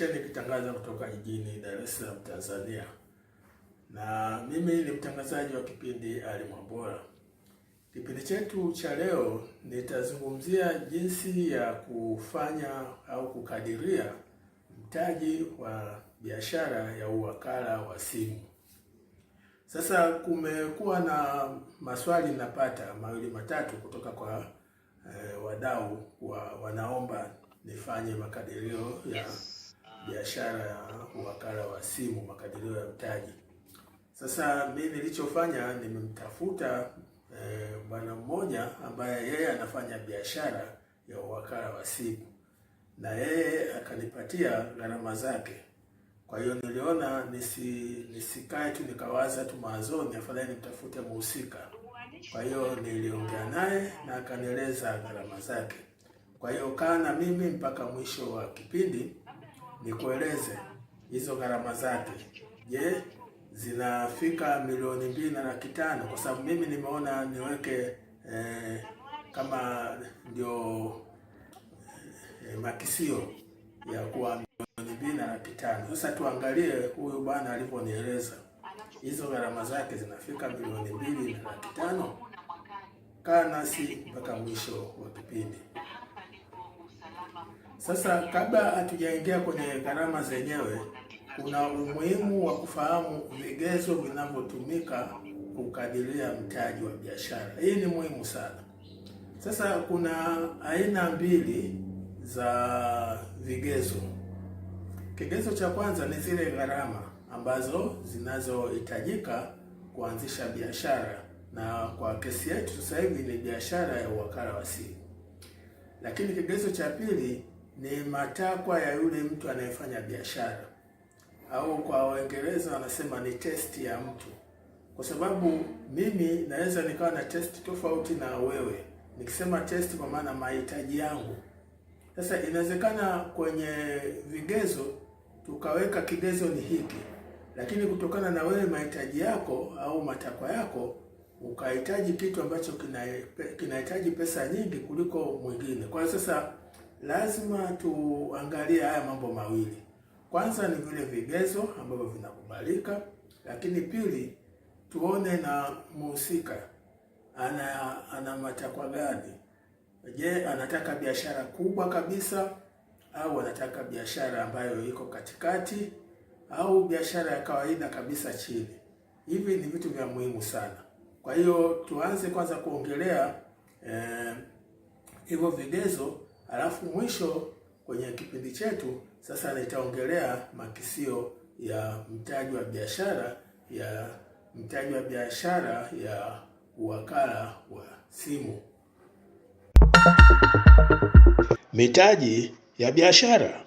televisheni nikitangaza kutoka jijini Dar es Salaam, Tanzania, na mimi ni mtangazaji wa kipindi Ali Mwambola. Kipindi chetu cha leo nitazungumzia jinsi ya kufanya au kukadiria mtaji wa biashara ya uwakala wa simu. Sasa kumekuwa na maswali napata mawili matatu kutoka kwa eh, wadau wa, wanaomba nifanye makadirio ya yes biashara ya wakala wa simu, makadirio ya mtaji. Sasa mimi nilichofanya nimemtafuta bwana eh, bwana mmoja ambaye yeye anafanya biashara ya wakala wa simu na yeye akanipatia gharama zake. Kwa hiyo niliona nisi, nisikae tu nikawaza tu mawazoni, afadhali nimtafute muhusika. Kwa hiyo niliongea naye na akanieleza gharama zake. Kwa hiyo kaa na mimi mpaka mwisho wa kipindi nikueleze hizo gharama zake. Je, zinafika milioni mbili na laki tano? Kwa sababu mimi nimeona niweke eh, kama ndio eh, makisio ya kuwa milioni mbili na laki tano. Sasa tuangalie huyu bwana alivyonieleza hizo gharama zake zinafika milioni mbili na laki tano. Kaa nasi mpaka mwisho wa kipindi. Sasa kabla hatujaingia kwenye gharama zenyewe, kuna umuhimu wa kufahamu vigezo vinavyotumika kukadiria mtaji wa biashara. Hii ni muhimu sana. Sasa kuna aina mbili za vigezo. Kigezo cha kwanza ni zile gharama ambazo zinazohitajika kuanzisha biashara, na kwa kesi yetu sasa hivi ni biashara ya wakala wa simu. Lakini kigezo cha pili ni matakwa ya yule mtu anayefanya biashara, au kwa Waingereza wanasema ni testi ya mtu, kwa sababu mimi naweza nikawa na testi tofauti na wewe. Nikisema test, kwa maana mahitaji yangu. Sasa inawezekana kwenye vigezo tukaweka kigezo ni hiki, lakini kutokana na wewe mahitaji yako au matakwa yako ukahitaji kitu ambacho kinahitaji pesa nyingi kuliko mwingine. Kwa hiyo sasa lazima tuangalie haya mambo mawili. Kwanza ni vile vigezo ambavyo vinakubalika, lakini pili tuone na mhusika ana ana matakwa gani. Je, anataka biashara kubwa kabisa au anataka biashara ambayo iko katikati au biashara ya kawaida kabisa chini? Hivi ni vitu vya muhimu sana. Kwa hiyo tuanze kwanza kuongelea eh, hivyo eh, vigezo Alafu mwisho kwenye kipindi chetu sasa nitaongelea makisio ya mtaji wa biashara ya mtaji wa biashara ya uwakala wa simu. Mitaji ya biashara.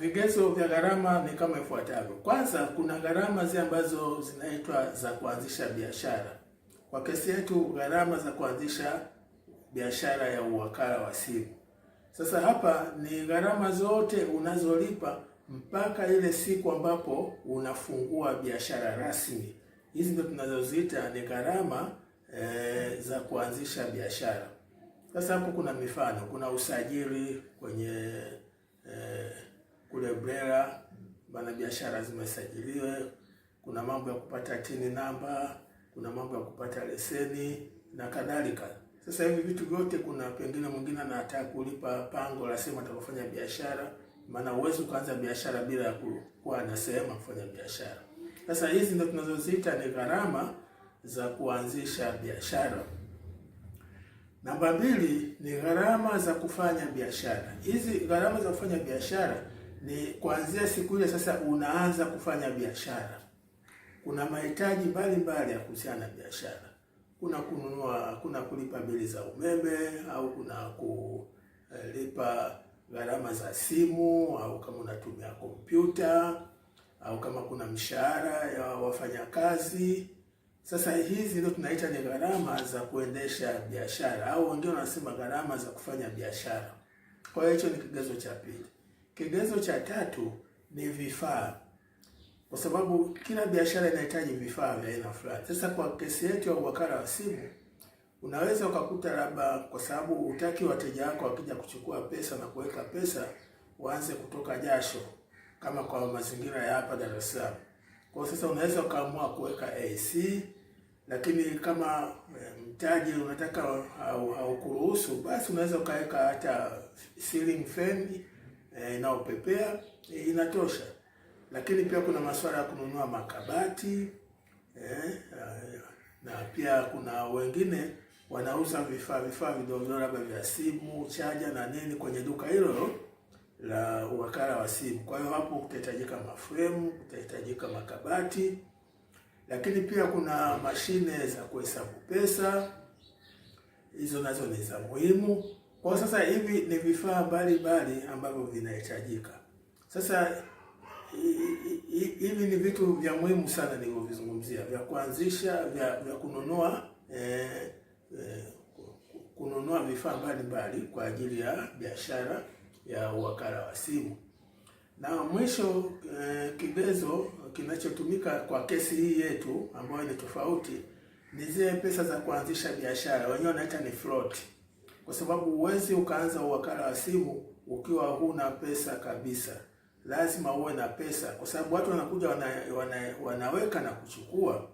vigezo vya gharama ni kama ifuatavyo. Kwanza kuna gharama zile ambazo zinaitwa za kuanzisha biashara. Kwa kesi yetu gharama za kuanzisha biashara ya uwakala wa simu. Sasa hapa ni gharama zote unazolipa mpaka ile siku ambapo unafungua biashara rasmi. Hizi ndio tunazoziita ni gharama e, za kuanzisha biashara. Sasa hapo kuna mifano, kuna usajili kwenye e, kule BRELA, bana biashara zimesajiliwe. Kuna mambo ya kupata tini namba, kuna mambo ya kupata leseni na kadhalika. Sasa hivi vitu vyote, kuna pengine mwingine anataka kulipa pango la sehemu atakofanya biashara, maana uwezo kuanza biashara bila ya kuwa na sehemu kufanya biashara. Sasa hizi ndio tunazoziita ni gharama za kuanzisha biashara. Namba mbili ni gharama za kufanya biashara. Hizi gharama za kufanya biashara ni kuanzia siku ile sasa unaanza kufanya biashara. Kuna mahitaji mbalimbali ya kuhusiana na biashara, kuna kununua, kuna kulipa bili za umeme au kuna kulipa gharama za simu au kama unatumia kompyuta au kama kuna mshahara ya wafanyakazi. Sasa hizi ndio tunaita ni gharama za kuendesha biashara, au wengine wanasema gharama za kufanya biashara. Kwa hiyo hicho ni kigezo cha pili. Kigezo cha tatu ni vifaa, kwa sababu kila biashara inahitaji vifaa vya aina fulani. Sasa kwa kesi yetu ya uwakala wa simu, unaweza ukakuta labda, kwa sababu utaki wateja wako wakija kuchukua pesa na kuweka pesa waanze kutoka jasho, kama kwa mazingira ya hapa Dar es Salaam. Kwa sasa unaweza ukaamua kuweka AC, lakini kama eh, mtaji unataka haukuruhusu, basi unaweza ukaweka hata ceiling fan inayopepea e, e, inatosha. Lakini pia kuna masuala ya kununua makabati e, na pia kuna wengine wanauza vifaa vifaa vidogo labda vya simu chaja na nini kwenye duka hilo la wakala wa simu. Kwa hiyo hapo kutahitajika mafremu, kutahitajika makabati, lakini pia kuna mashine za kuhesabu pesa, hizo nazo ni za muhimu. Kwa sasa hivi ni vifaa mbalimbali ambavyo vinahitajika. Sasa hivi ni vitu vya muhimu sana nilivyovizungumzia, vya kuanzisha, vya, vya kununua eh, eh, kununua vifaa mbalimbali kwa ajili ya biashara ya uwakala wa simu. Na mwisho eh, kigezo kinachotumika kwa kesi hii yetu ambayo ni tofauti ni zile pesa za kuanzisha biashara, wenyewe wanaita ni float kwa sababu huwezi ukaanza uwakala wa simu ukiwa huna pesa kabisa. Lazima uwe na pesa, kwa sababu watu wanakuja wana, wana, wanaweka na kuchukua.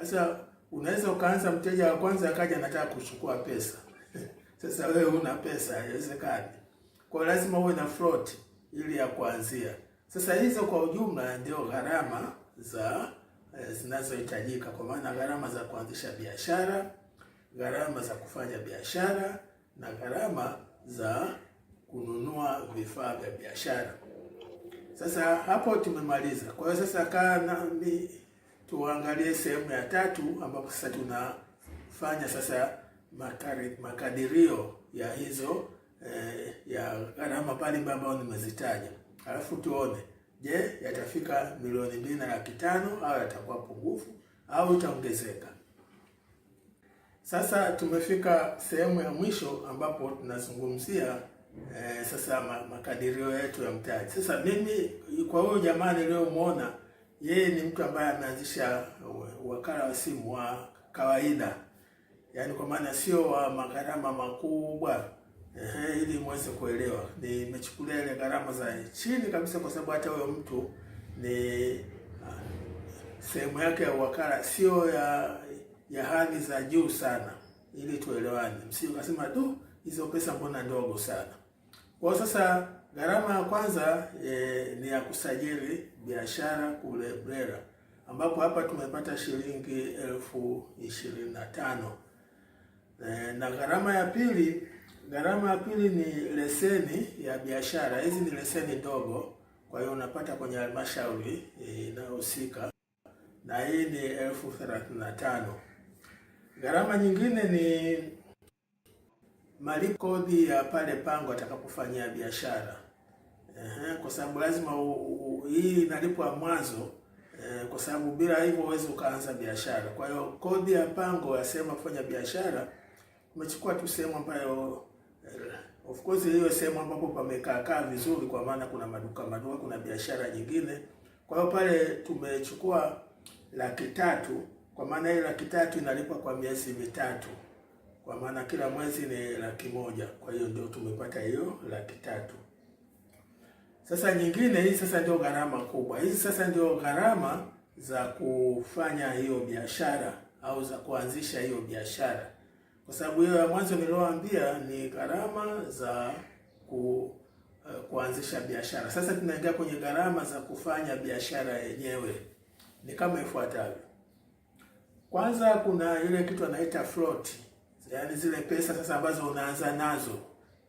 Sasa unaweza ukaanza, mteja wa kwanza akaja anataka kuchukua pesa sasa wewe huna pesa, haiwezekani. Kwa lazima uwe na float ili ya kuanzia. Sasa hizo kwa ujumla ndio gharama za eh, zinazohitajika, kwa maana gharama za kuanzisha biashara, gharama za kufanya biashara na gharama za kununua vifaa vya biashara. Sasa hapo tumemaliza. Kwa hiyo sasa, kaa nami tuangalie sehemu ya tatu, ambapo sasa tunafanya sasa makari, makadirio ya hizo eh, ya gharama mbalimbali ambayo nimezitaja, alafu tuone, je, yatafika milioni mbili na laki tano au yatakuwa pungufu au itaongezeka? Sasa tumefika sehemu ya mwisho ambapo tunazungumzia eh, sasa makadirio yetu ya mtaji. Sasa mimi kwa huyo jamaa niliyomwona, yeye ni mtu ambaye ameanzisha wakala wa simu wa kawaida, yaani kwa maana sio wa magharama makubwa. eh, ili mweze kuelewa, nimechukulia ile gharama za chini kabisa, kwa sababu hata huyo mtu ni ah, sehemu yake ya wakala sio ya ya hadhi za juu sana, ili tuelewane, msio kasema tu hizo pesa mbona ndogo sana. Kwa sasa gharama ya kwanza e, ni ya kusajili biashara kule BRELA, ambapo hapa tumepata shilingi elfu ishirini na tano e, na gharama ya pili gharama ya pili ni leseni ya biashara. Hizi ni leseni ndogo, kwa hiyo unapata kwenye halmashauri eh, inayohusika, na hii ni elfu thelathini na tano. Gharama nyingine ni malipo kodi ya pale pango atakapofanyia biashara, kwa sababu lazima u, u, hii inalipwa mwanzo eh, kwa sababu bila hivyo huwezi ukaanza biashara. Kwa hiyo kodi ya pango ya sehemu kufanya biashara umechukua tu sehemu ambayo eh, of course hiyo sehemu ambapo pamekaa kaa vizuri, kwa maana kuna maduka madogo, kuna biashara nyingine. Kwa hiyo pale tumechukua laki tatu kwa maana hiyo laki tatu inalipwa kwa miezi mitatu, kwa maana kila mwezi ni laki moja. Kwa hiyo ndio tumepata hiyo laki tatu. Sasa nyingine hii sasa ndio gharama kubwa, hizi sasa ndio gharama za kufanya hiyo biashara au za kuanzisha hiyo biashara, kwa sababu hiyo ya mwanzo nilioambia ni gharama za ku, uh, kuanzisha biashara. Sasa tunaingia kwenye gharama za kufanya biashara yenyewe, ni kama ifuatavyo. Kwanza kuna ile kitu anaita float, yaani zile pesa sasa ambazo unaanza nazo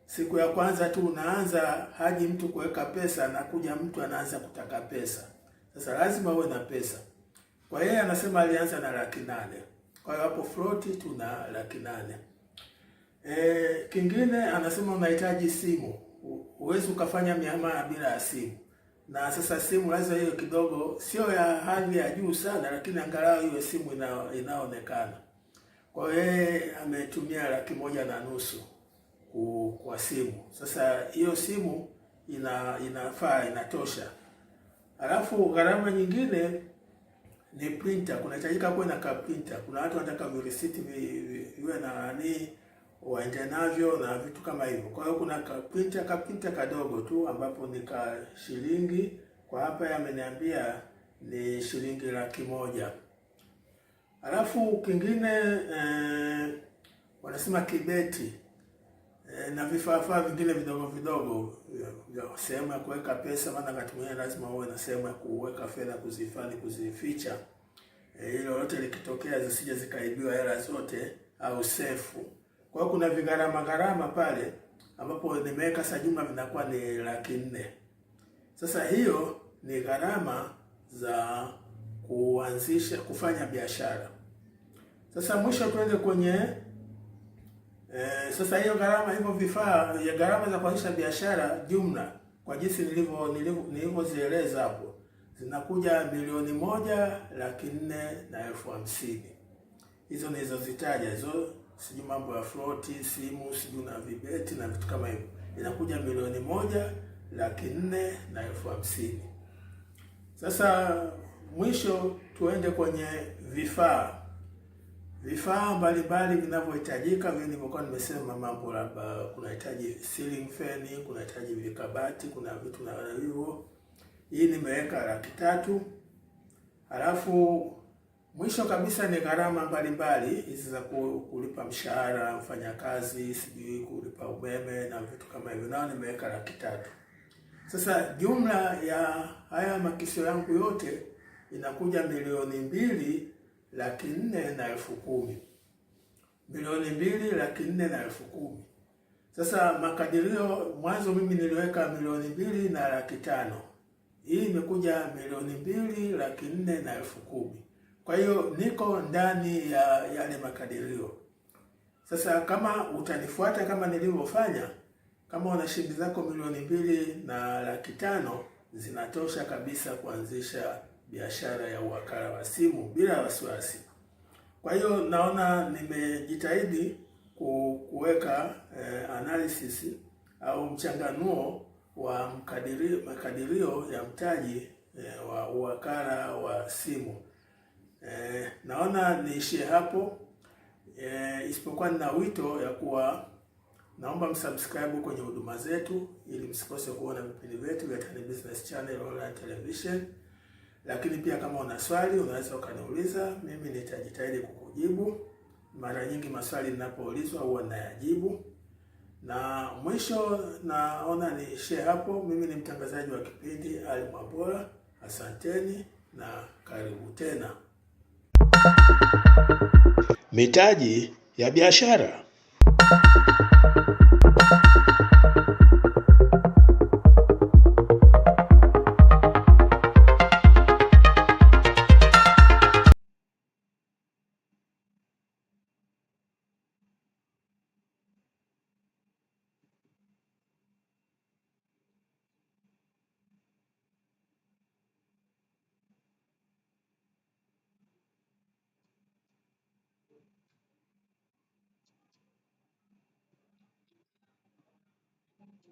siku ya kwanza tu unaanza, haji mtu kuweka pesa, anakuja mtu anaanza kutaka pesa. Sasa lazima uwe na pesa. Kwa hiyo anasema alianza na laki nane, kwa hiyo hapo float tuna laki nane. E, kingine anasema unahitaji simu, huwezi ukafanya miamala bila ya simu na sasa simu lazima hiyo kidogo sio ya hali ya juu sana, lakini angalau hiyo simu inaonekana Kwa hiyo yeye ametumia laki moja na nusu kwa simu. Sasa hiyo simu ina- inafaa inatosha. Alafu gharama nyingine ni printer, kunahitajika kuwe na ka printer. Kuna watu wanataka virisiti viwe na nani waende navyo na vitu kama hivyo. Kwa hiyo kuna kapinta kapinta kadogo tu ambapo ni ka shilingi, kwa hapa yameniambia ni shilingi laki moja. Alafu kingine eh, wanasema kibeti eh, na vifaafaa vingine vidogo vidogo, sehemu ya kuweka pesa, maana wakati mwingine lazima uwe na sehemu ya kuweka fedha, kuzihifadhi, kuzificha, eh, hilo eh, lote likitokea zisije zikaibiwa hela zote au sefu. Kwa hiyo kuna vigharama gharama pale ambapo nimeweka saa jumla vinakuwa ni laki nne. Sasa hiyo ni gharama za kuanzisha kufanya biashara. Sasa mwisho tuende kwenye e, sasa hiyo gharama hivyo vifaa ya gharama za kuanzisha biashara jumla kwa jinsi nilivyo nilivyozieleza hapo zinakuja milioni moja laki nne na elfu hamsini. Hizo nilizozitaja hizo sijui mambo ya floti, simu, sijui na vibeti na vitu kama hivyo, inakuja milioni moja laki nne na elfu hamsini. Sasa mwisho tuende kwenye vifaa vifaa mbalimbali vinavyohitajika vile nilivyokuwa nimesema, mambo labda kunahitaji ceiling fan, kunahitaji vikabati, kuna vitu na hivyo. Hii nimeweka laki tatu halafu Mwisho kabisa ni gharama mbalimbali hizi za kulipa mshahara mfanyakazi, sijui kulipa umeme na vitu kama hivyo, nao nimeweka laki tatu. Sasa jumla ya haya makisio yangu yote inakuja milioni mbili laki nne na elfu kumi milioni mbili laki nne na elfu kumi Sasa makadirio mwanzo mimi niliweka milioni mbili na laki tano hii imekuja milioni mbili laki nne na elfu kumi kwa hiyo niko ndani ya yale makadirio. Sasa kama utanifuata kama nilivyofanya, kama una shilingi zako milioni mbili na laki tano zinatosha kabisa kuanzisha biashara ya uwakala wa simu bila wasiwasi. Kwa hiyo naona nimejitahidi kuweka eh, analysis au mchanganuo wa makadirio ya mtaji eh, wa uwakala wa simu. E, naona niishie hapo e, isipokuwa nina wito ya kuwa naomba msubscribe kwenye huduma zetu ili msikose kuona vipindi vyetu vya Tan Business Channel online television. Lakini pia kama una swali unaweza ukaniuliza, mimi nitajitahidi kukujibu. Mara nyingi maswali ninapoulizwa huwa nayajibu. Na mwisho naona niishie hapo. Mimi ni mtangazaji wa kipindi Ali Mwambola, asanteni na karibu tena. Mitaji ya biashara.